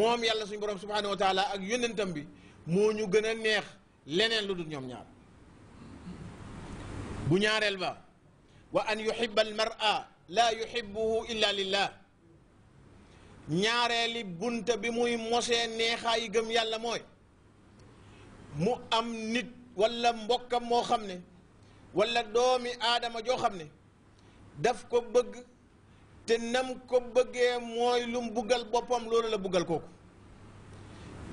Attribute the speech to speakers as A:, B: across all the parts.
A: موم يالله سوني بروم سبحانه وتعالى اك يوننتم بي مو نيو غنا نيه لنين لودو نيوم نيار بو نيارل با وان يحب المرء لا يحبه الا لله نياريلي بونت بي موي موسي نيهاي گم يالله موي مو ام نيت ولا مبوكام مو خامني ولا دومي ادمه جو خامني داف كو بڬ te nam ko bëggee mooy lu mu buggal boppam loolu la buggal kooku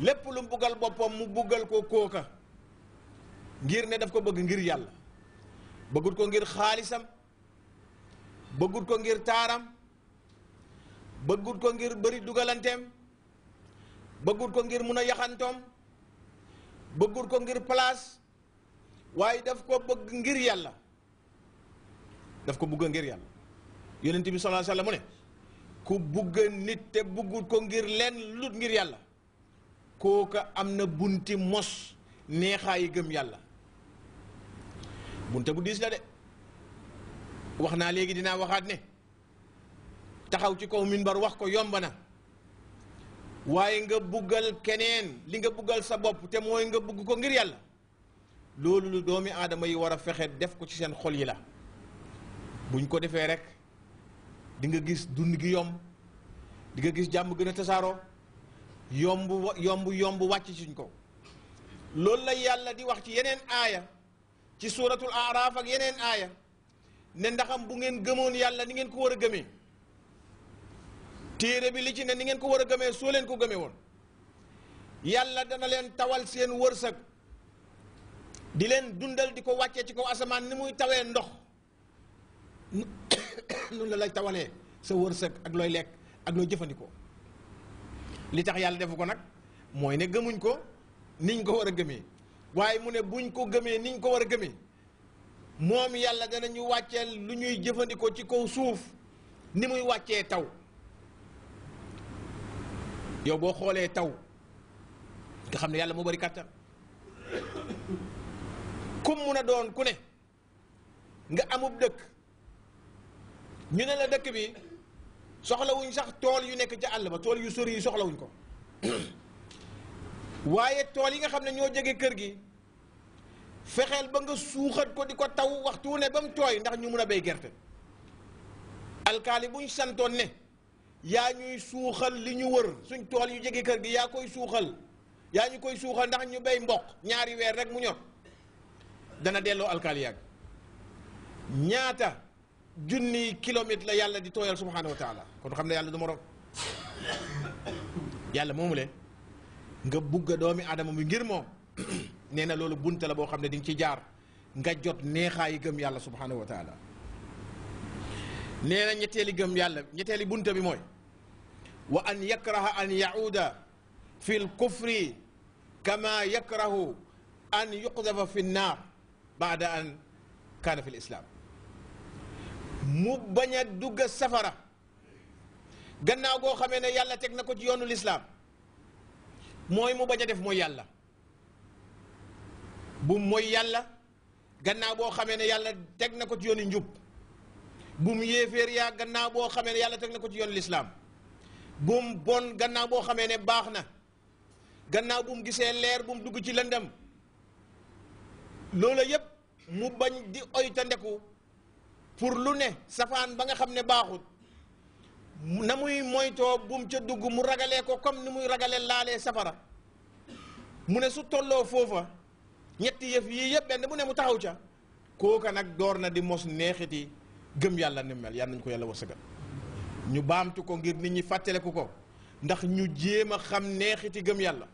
A: lépp lu mu buggal boppam mu buggal ko kooka ngir ne daf ko bëgg ngir yàlla bëggut ko ngir xaalisam bëggut ko ngir taaram bëggut ko ngir bari dugalanteem bëggut ko ngir mun a yaxantoom bëggut ko ngir place waaye daf ko bëgg ngir yàlla daf ko bugg ngir yàlla yonent bi sallallahu alayhi wasallam mu ne ku bugg nit te buggul ko ngir lenn lut ngir yàlla kooka am na bunti mos neexaayi gëm yàlla bunte bu diis la de wax naa léegi dinaa waxaat ne taxaw ci kaw minbar wax ko yomb na waaye nga buggal keneen li nga buggal sa bopp te mooy nga bugg ko ngir yàlla loolu lu doomi aadama yi war a fexe def ko ci seen xol yi la buñ ko defee rek dinga gis dund gi yomb dinga gis jàmm gëna tasaaroo yomb yomb yomb wàcc suñ ko loolu la yàlla di wax ci yeneen aaya ci suuratul aaraaf ak yeneen aaya ne ndaxam bu ngeen gëmoon yàlla ni ngeen ko war a gëmee téere bi li ci ne ni ngeen ko war a gëmee soo leen ko gëmee woon yàlla dana leen tawal seen wërsëg di leen dundal di ko wàccee ci ko asamaan ni muy tawee ndox noonu la lay tawalee sa wërsëg ak looy lekk ak looy jëfandikoo li tax yàlla defu ko nag mooy ne gëmuñ ko niñ ko war a gëmee waaye mu ne buñ ko gëmee niñ ko war a gëmee moom yàlla danañu wàccee lu ñuy jëfandikoo ci kaw suuf ni muy wàccee taw yow boo xoolee taw nga xam ne yàlla moo bari kàttan kum mun a doon ku ne nga amub dëkk ñu ne la dëkk bi soxlawuñ sax tool yu nekk ca àll ba tool yu sori yi soxlawuñ ko waaye tool yi nga xam ne ñoo jege kër gi fexeel ba nga suuxat ko di ko taw waxtu ne ba mu tooy ndax ñu mun a béy gerte alkaali buñ santoon ne yaa ñuy suuxal li ñu wër suñ tool yu jege kër gi yaa koy suuxal yaa ñu koy suuxal ndax ñu béy mboq ñaari weer rek mu ñor dana delloo alkaali yàgg ñaata junni kilomètre la yàlla di tooyal subhanahu wa taala kon xam ne yàlla du morom yàlla moomu le nga bugg doomi aadama bi ngir moom nee na loolu bunte la boo xam ne di nga ci jaar nga jot neexaayi gëm yàlla subhanahu wa taala nee na ñetteeli gëm yàlla ñetteeli bunte bi mooy wa an yakraha an yauda fi l kufri kama yakrahu an yuqdafa fi nnaar baada an kaana fi l islam mu bañ a dugg safara gannaaw goo xamee ne yàlla teg na ko ci yoonu lislaam mooy mu bañ a def mooy yàlla bu mooy yàlla gannaaw boo xamee ne yàlla teg na ko ci yoonu njub bu mu gannaaw boo xamee yàlla teg na ko ci yoonu lislaam bu bon gannaaw boo xamee ne baax na gannaaw bu gisee leer bu dugg ci lëndam loola yépp mu bañ di oy ta pour lu ne safan ba nga xamne ne baaxut na muy moytoo bum ci dugg mu ragale ko comme ni muy ragale lalé safara mu ne su tolloo fofa ñet yef yi yeb ben mu ne mu taxaw ca koka nak door na di mos neexiti gem yalla ni mel yalla ko yalla wasagal ñu baamtu ko ngir nit ñi fatale ko ndax ñu jema xam neexiti gem yalla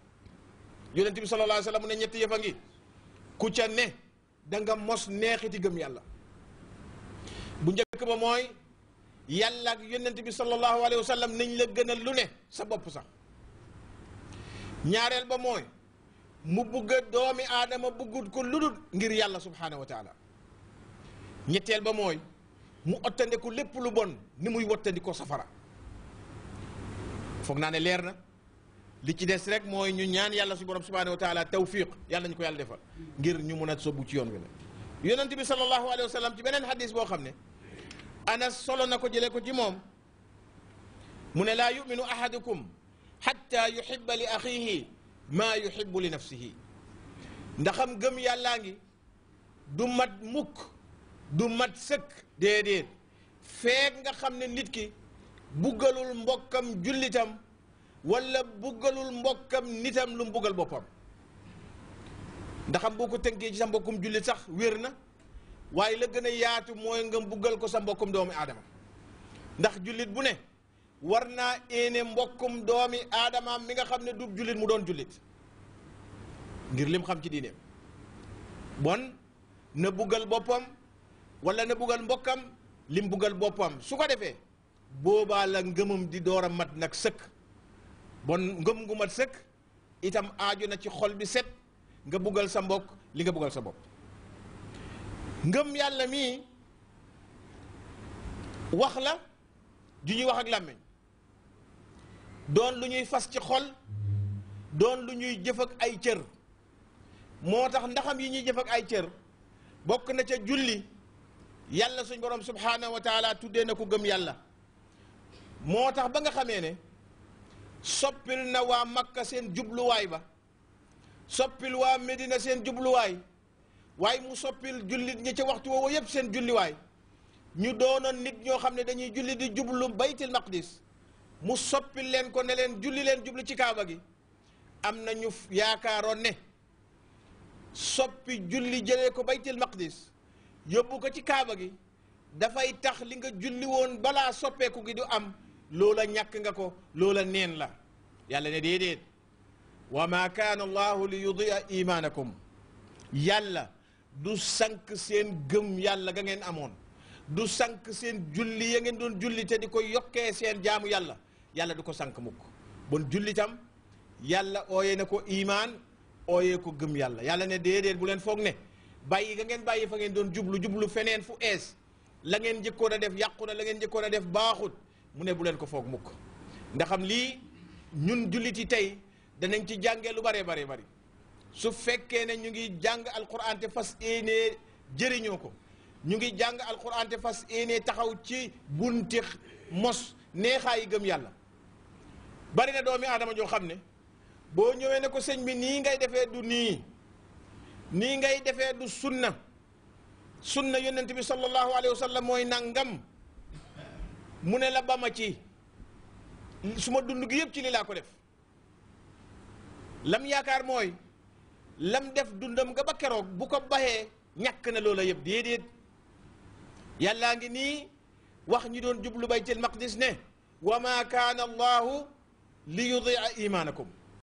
A: yaronte bi sallallahu alaihi wasallam ne ñet yëf ku ca ne da nga mos neexiti gem yalla bu njëkk ba mooy yàlla ak yonent bi sallallahu alayhi wa sallam nañ la gënal lu ne sa bopp sax ñaareel ba mooy mu bugg doomi aadama buggut ko lu dul ngir yàlla subhaanahu wa taala ñetteel ba mooy mu ottandiku lépp lu bon ni muy wattandikoo safara foog naa ne leer na li ci des rek mooy ñu ñaan yàlla su borom subhaanahu wa taala tawfiq yàlla ñu ko yàlla defal ngir ñu mën a sobbu ci yoon wi يونتي بي الله عليه وسلم تي بنن حديث انا سولو نكو جيلي جيموم جي موم من لا يؤمن احدكم حتى يحب لاخيه ما يحب لنفسه دا خام گم يالاغي دو مات موك دو مات سك ديديت فاك nga xamne nit مبكم جلتم ولا julitam مبكم نتم mbokam nitam lu ndaxam boo ko tënkee ci sa mbokkum jullit sax wér na waaye la gën a yaatu mooy nga buggal ko sa mbokkum doomi aadama ndax jullit bu ne war naa éene mbokkum doomi aadama mi nga xam ne du jullit mu doon jullit ngir lim xam ci diineem bon na buggal boppam wala na buggal mbokkam lim buggal boppam su ko defee boobaa la ngëmam di door a mat nag sëkk bon ngëm gu mat sëkk itam aaju na ci xol bi set nga buggal sa mbokk li nga buggal sa bopp ngëm yàlla mii wax la ju ñuy wax ak làmmiñ doon lu ñuy fas ci xol doon lu ñuy jëf ak ay cër moo tax ndaxam yi ñuy jëf ak ay cër bokk na ca julli yàlla suñ borom subhaanahu wa taala tuddee na ko gëm yàlla moo tax ba nga xamee ne soppil na waa Makka seen jubluwaay ba soppil waa Medina seen jubluwaay waaye mu soppil jullit ñi ca waxtu woowu yépp seen julliwaay ñu doonoon nit ñoo xam ne dañuy julli di jublu baytil maqdis mu soppil leen ko ne leen julli leen jublu ci kaaba gi am na ñu yaakaaroon ne soppi julli jële ko baytil maqdis yóbbu ko ci kaaba gi dafay tax li nga julli woon balaa soppeeku gi du am loola ñàkk nga ko loola neen la yàlla ne déedéet wa ma kaana allahu li yudi'a imaanakum yàlla du sank seen gëm yàlla ga ngeen amoon du sank seen julli ya ngeen doon julli te di ko yokkee seen jaamu yàlla yàlla du ko sank mukk bon jullitam yàlla ooyee na ko imaan ooyee ko gëm yàlla yàlla ne déedéet bu leen foog ne bàyyi ga ngeen bàyyi fa ngeen doon jublu jublu feneen fu ees la ngeen njëkkoon a def yàqu na la ngeen njëkkoon a def baaxut mu ne bu leen ko foog mukk ndaxam lii ñun jullit yi tey danañ ci jàngee lu baree baree bari su fekkee ne ñu ngi jàng alquran te fas yéenee jëriñoo ko ñu ngi jàng alquran te fas yéenee taxaw ci bunti mos neexaayi gëm yàlla bari na doomi aadama joo xam ne boo ñëwee ne ko sëñ bi nii ngay defee du nii nii ngay defee du sunna sunna yonent bi sallallahu alayhi wa sallam mooy nangam mu ne la ba ma ci suma dund gi yëpp ci lii laa ko def lam yaakaar mooy lam def dundam ga ba keroog bu ko baxee ñàkk na loola yëpp déedéet yàllaa ngi nii wax ñi doon jublu baytil maqdis ne wa ma kaana allahu li yudia imaanakum